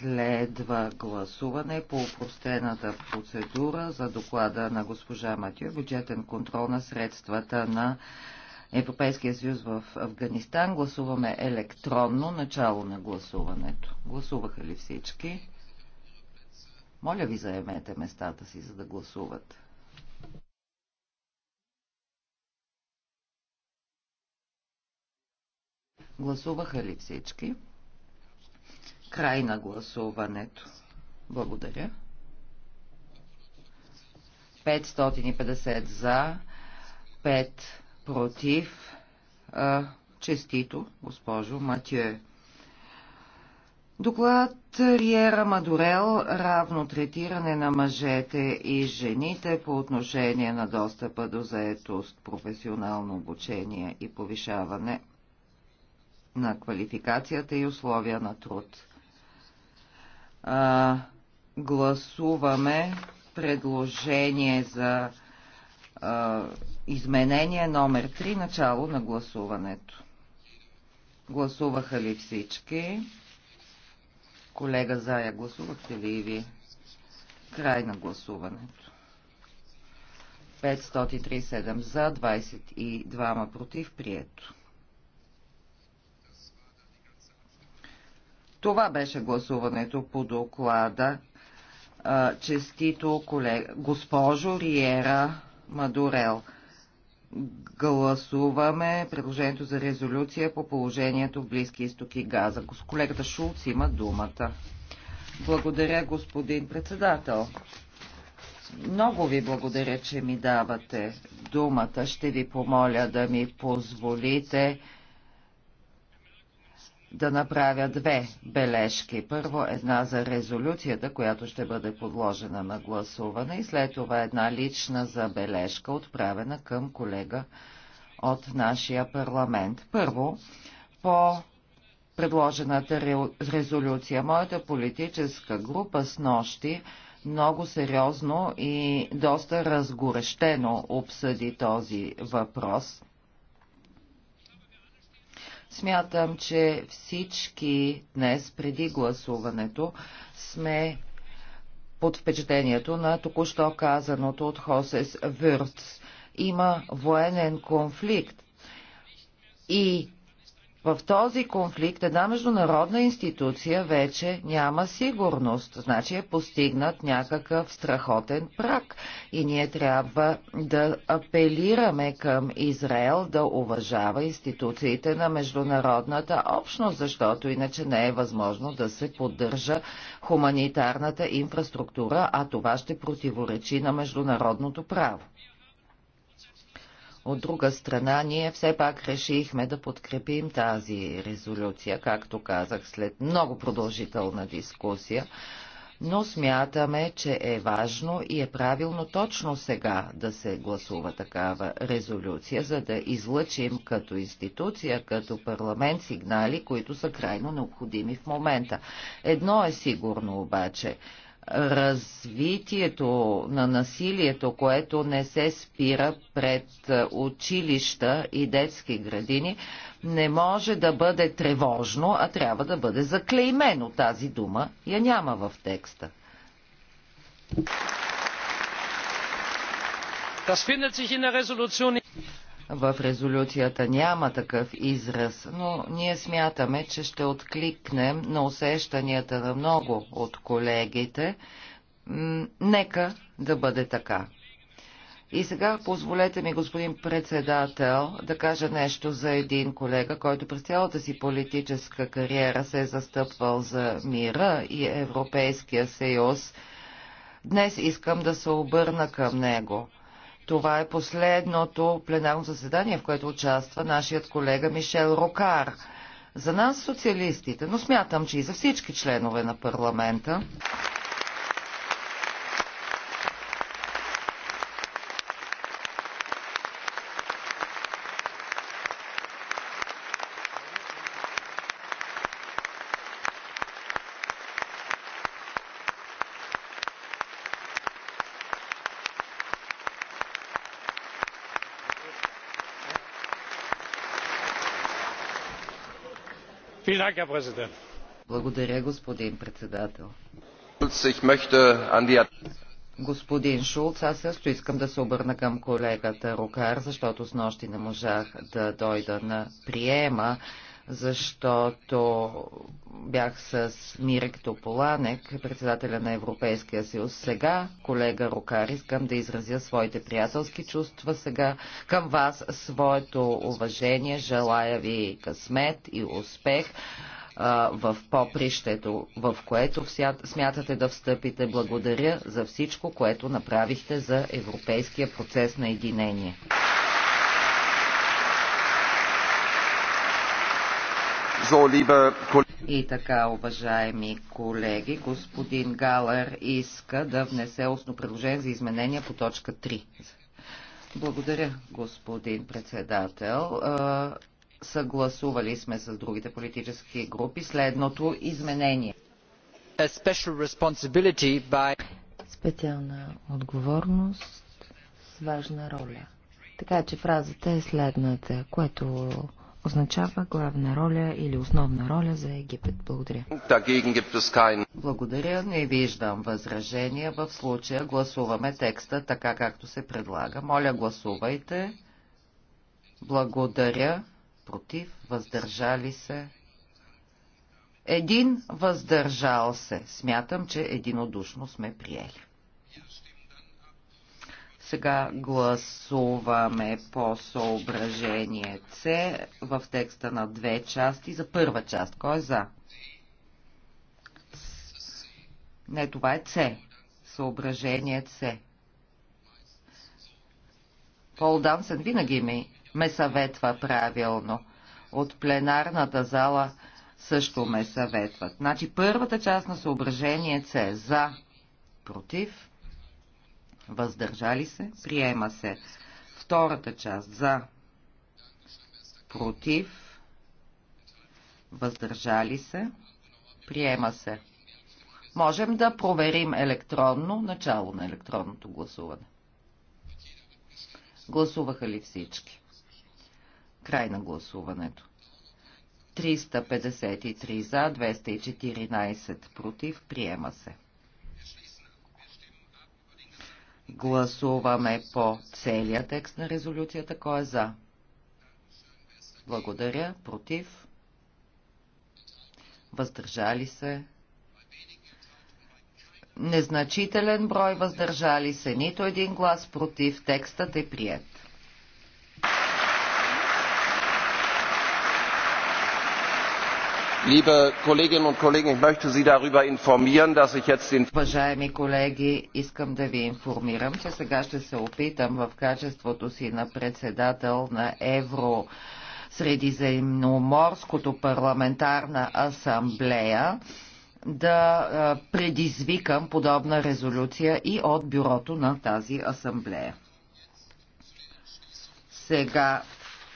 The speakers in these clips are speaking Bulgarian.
Следва гласуване по упростената процедура за доклада на госпожа Матио, бюджетен контрол на средствата на Европейския съюз в Афганистан. Гласуваме електронно начало на гласуването. Гласуваха ли всички? Моля ви, заемете местата си, за да гласуват. Гласуваха ли всички? Край на гласуването. Благодаря. 550 за, 5 против. Честито, госпожо Матюе. Доклад Риера Мадурел равно третиране на мъжете и жените по отношение на достъпа до заетост, професионално обучение и повишаване на квалификацията и условия на труд а, гласуваме предложение за а, изменение номер 3, начало на гласуването. Гласуваха ли всички? Колега Зая, гласувахте ли и ви? Край на гласуването. 537 за, 22 против, прието. Това беше гласуването по доклада. Честито колега, госпожо Риера Мадурел. Гласуваме предложението за резолюция по положението в Близки изтоки Газа. Колегата Шулц има думата. Благодаря, господин председател. Много ви благодаря, че ми давате думата. Ще ви помоля да ми позволите да направя две бележки. Първо една за резолюцията, която ще бъде подложена на гласуване и след това една лична забележка, отправена към колега от нашия парламент. Първо, по предложената резолюция. Моята политическа група с нощи много сериозно и доста разгорещено обсъди този въпрос. Смятам, че всички днес, преди гласуването, сме под впечатлението на току-що казаното от Хосес Вюрц. Има военен конфликт и в този конфликт една международна институция вече няма сигурност, значи е постигнат някакъв страхотен прак и ние трябва да апелираме към Израел да уважава институциите на международната общност, защото иначе не е възможно да се поддържа хуманитарната инфраструктура, а това ще противоречи на международното право. От друга страна, ние все пак решихме да подкрепим тази резолюция, както казах, след много продължителна дискусия, но смятаме, че е важно и е правилно точно сега да се гласува такава резолюция, за да излъчим като институция, като парламент сигнали, които са крайно необходими в момента. Едно е сигурно обаче – развитието на насилието, което не се спира пред е, училища и детски градини, не може да бъде тревожно, а трябва да бъде заклеймено. Тази дума я няма в текста. Das findet sich in der Resolution в резолюцията няма такъв израз, но ние смятаме, че ще откликнем на усещанията на много от колегите. Нека да бъде така. И сега позволете ми, господин председател, да кажа нещо за един колега, който през цялата си политическа кариера се е застъпвал за мира и Европейския съюз. Днес искам да се обърна към него. Това е последното пленарно заседание, в което участва нашият колега Мишел Рокар. За нас, социалистите, но смятам, че и за всички членове на парламента. Благодаря, господин председател. Господин Шулц, аз също искам да се обърна към колегата Рокар, защото с нощи не можах да дойда на приема, защото бях с Мирек Тополанек, председателя на Европейския съюз. Сега, колега Рокар, искам да изразя своите приятелски чувства сега към вас, своето уважение, желая ви късмет и успех в попрището, в което смятате да встъпите. Благодаря за всичко, което направихте за европейския процес на единение. So, liebe и така, уважаеми колеги, господин Галър иска да внесе устно предложение за изменение по точка 3. Благодаря, господин председател. Съгласували сме с другите политически групи следното изменение. Специална отговорност с важна роля. Така че фразата е следната, което означава главна роля или основна роля за Египет. Благодаря. Благодаря. Не виждам възражения. В случая гласуваме текста така, както се предлага. Моля, гласувайте. Благодаря. Против. Въздържали се. Един въздържал се. Смятам, че единодушно сме приели. Сега гласуваме по съображение С в текста на две части. За първа част, кой е за? Не, това е С. Съображение С. Пол Дансен винаги ми ме съветва правилно. От пленарната зала също ме съветват. Значи първата част на съображение С за, против, въздържали се, приема се. Втората част за, против, въздържали се, приема се. Можем да проверим електронно начало на електронното гласуване. Гласуваха ли всички? Край на гласуването. 353 за, 214 против, приема се. Гласуваме по целия текст на резолюцията. Кой е за? Благодаря. Против? Въздържали се? Незначителен брой въздържали се. Нито един глас против. Текстът е прият. Liebe Kolleginnen und Kollegen, ich möchte Sie darüber informieren, dass ich jetzt den... Уважаеми колеги, искам да ви информирам, че сега ще се опитам в качеството си на председател на Евро Средиземноморското парламентарна асамблея да предизвикам подобна резолюция и от бюрото на тази асамблея. Сега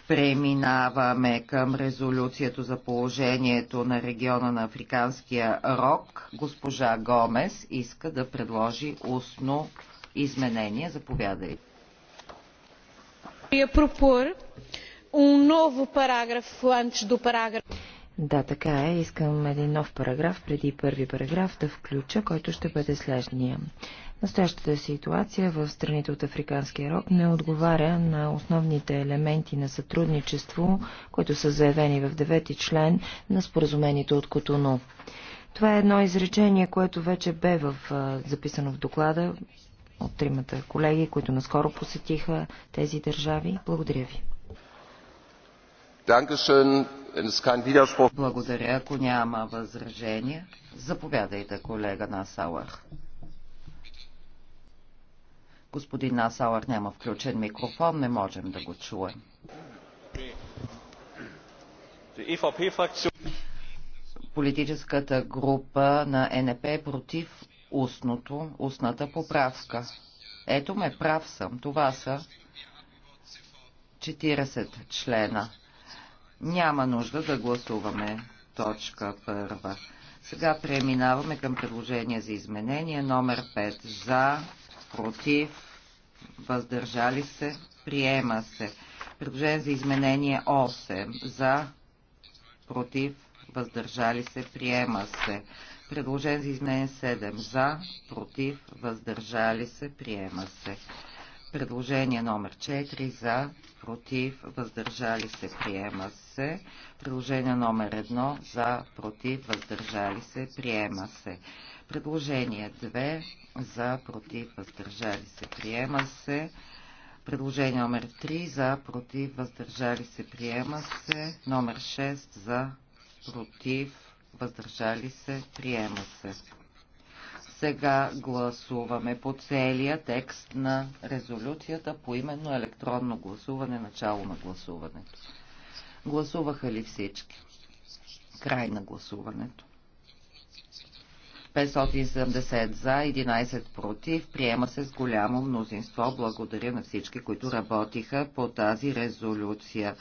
Преминаваме към резолюцията за положението на региона на Африканския рок. Госпожа Гомес иска да предложи устно изменение. Заповядайте. Да, така е. Искам един нов параграф преди първи параграф да включа, който ще бъде следния. Настоящата ситуация в страните от Африканския рок не отговаря на основните елементи на сътрудничество, които са заявени в девети член на споразумението от Котоно. Това е едно изречение, което вече бе в, записано в доклада от тримата колеги, които наскоро посетиха тези държави. Благодаря ви. Благодаря, ако няма възражения. Заповядайте, колега Насалах. Господин Насауър няма включен микрофон, не можем да го чуем. Политическата група на НП е против устното, устната поправка. Ето ме, прав съм. Това са 40 члена. Няма нужда да гласуваме точка първа. Сега преминаваме към предложение за изменение номер 5 за против, въздържали се, приема се. Предложение за изменение 8 за, против, въздържали се, приема се. Предложение за изменение 7 за, против, въздържали се, приема се. Предложение номер 4 за, против, въздържали се, приема се. Предложение номер 1 за, против, въздържали се, приема се. Предложение 2 за, против, въздържали се, приема се. Предложение номер 3 за, против, въздържали се, приема се. Номер 6 за, против, въздържали се, приема се. Сега гласуваме по целия текст на резолюцията по именно електронно гласуване, начало на гласуването. Гласуваха ли всички? Край на гласуването. 570 за, 11 против. Приема се с голямо мнозинство. Благодаря на всички, които работиха по тази резолюция.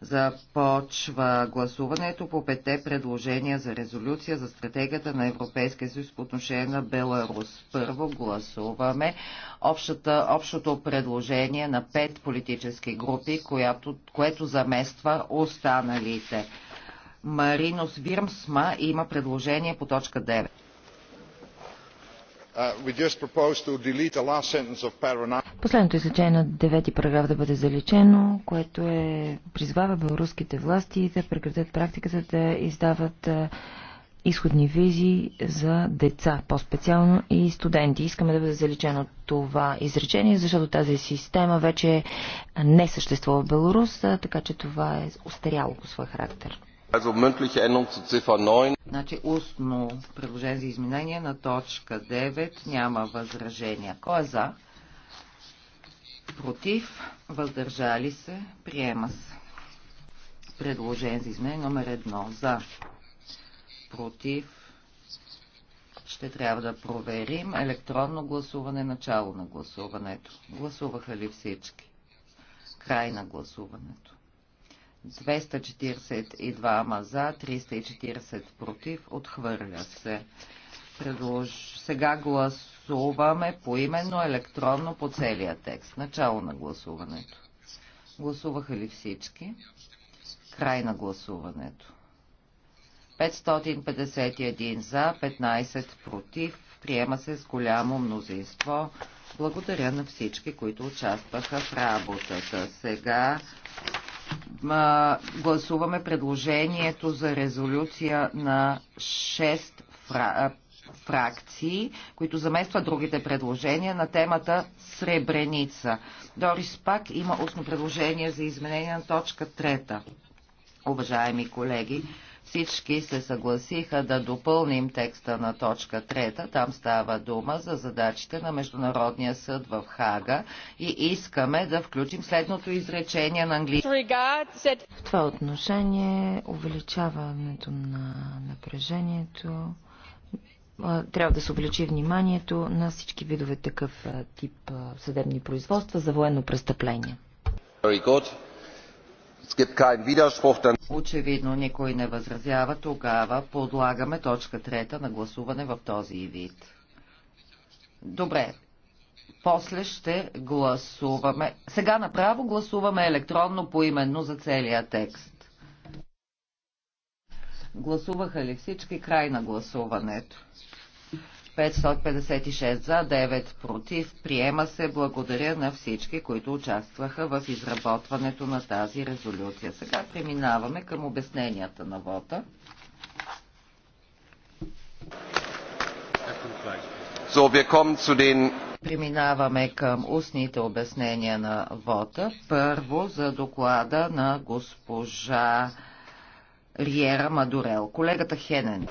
Започва гласуването по пете предложения за резолюция за стратегията на Европейския съюз по отношение на Беларус. Първо гласуваме общата, общото предложение на пет политически групи, която, което замества останалите. Маринос Вирмсма има предложение по точка 9. Uh, Последното изречение на девети параграф да бъде заличено, което е призвава белоруските власти да прекратят практиката да издават е, изходни визи за деца, по-специално и студенти. Искаме да бъде заличено това изречение, защото тази система вече не съществува в Беларус, е, така че това е остаряло по свой характер. Значи устно предложение за изменение на точка 9 няма възражения. Кой е за? Против? Въздържали се? Приема се. Предложение за изменение номер 1. За? Против? ще трябва да проверим електронно гласуване, начало на гласуването. Гласуваха ли всички? Край на гласуването. 242 за, 340 против, отхвърля се. Предлож... Сега гласуваме по именно електронно по целия текст. Начало на гласуването. Гласуваха ли всички? Край на гласуването. 551 за, 15 против. Приема се с голямо мнозинство. Благодаря на всички, които участваха в работата. Сега гласуваме предложението за резолюция на 6 фра... фракции, които заместват другите предложения на темата Сребреница. Дорис Пак има устно предложение за изменение на точка 3. Уважаеми колеги, всички се съгласиха да допълним текста на точка 3. Там става дума за задачите на Международния съд в Хага и искаме да включим следното изречение на английски. В това отношение увеличаването на напрежението трябва да се увеличи вниманието на всички видове такъв тип съдебни производства за военно престъпление. Очевидно никой не възразява. Тогава подлагаме точка трета на гласуване в този вид. Добре. После ще гласуваме. Сега направо гласуваме електронно поименно за целия текст. Гласуваха ли всички край на гласуването? 556 за, 9 против. Приема се благодаря на всички, които участваха в изработването на тази резолюция. Сега преминаваме към обясненията на вота. So, zu den Преминаваме към устните обяснения на вота. Първо за доклада на госпожа Риера Мадурел. Колегата Хенен.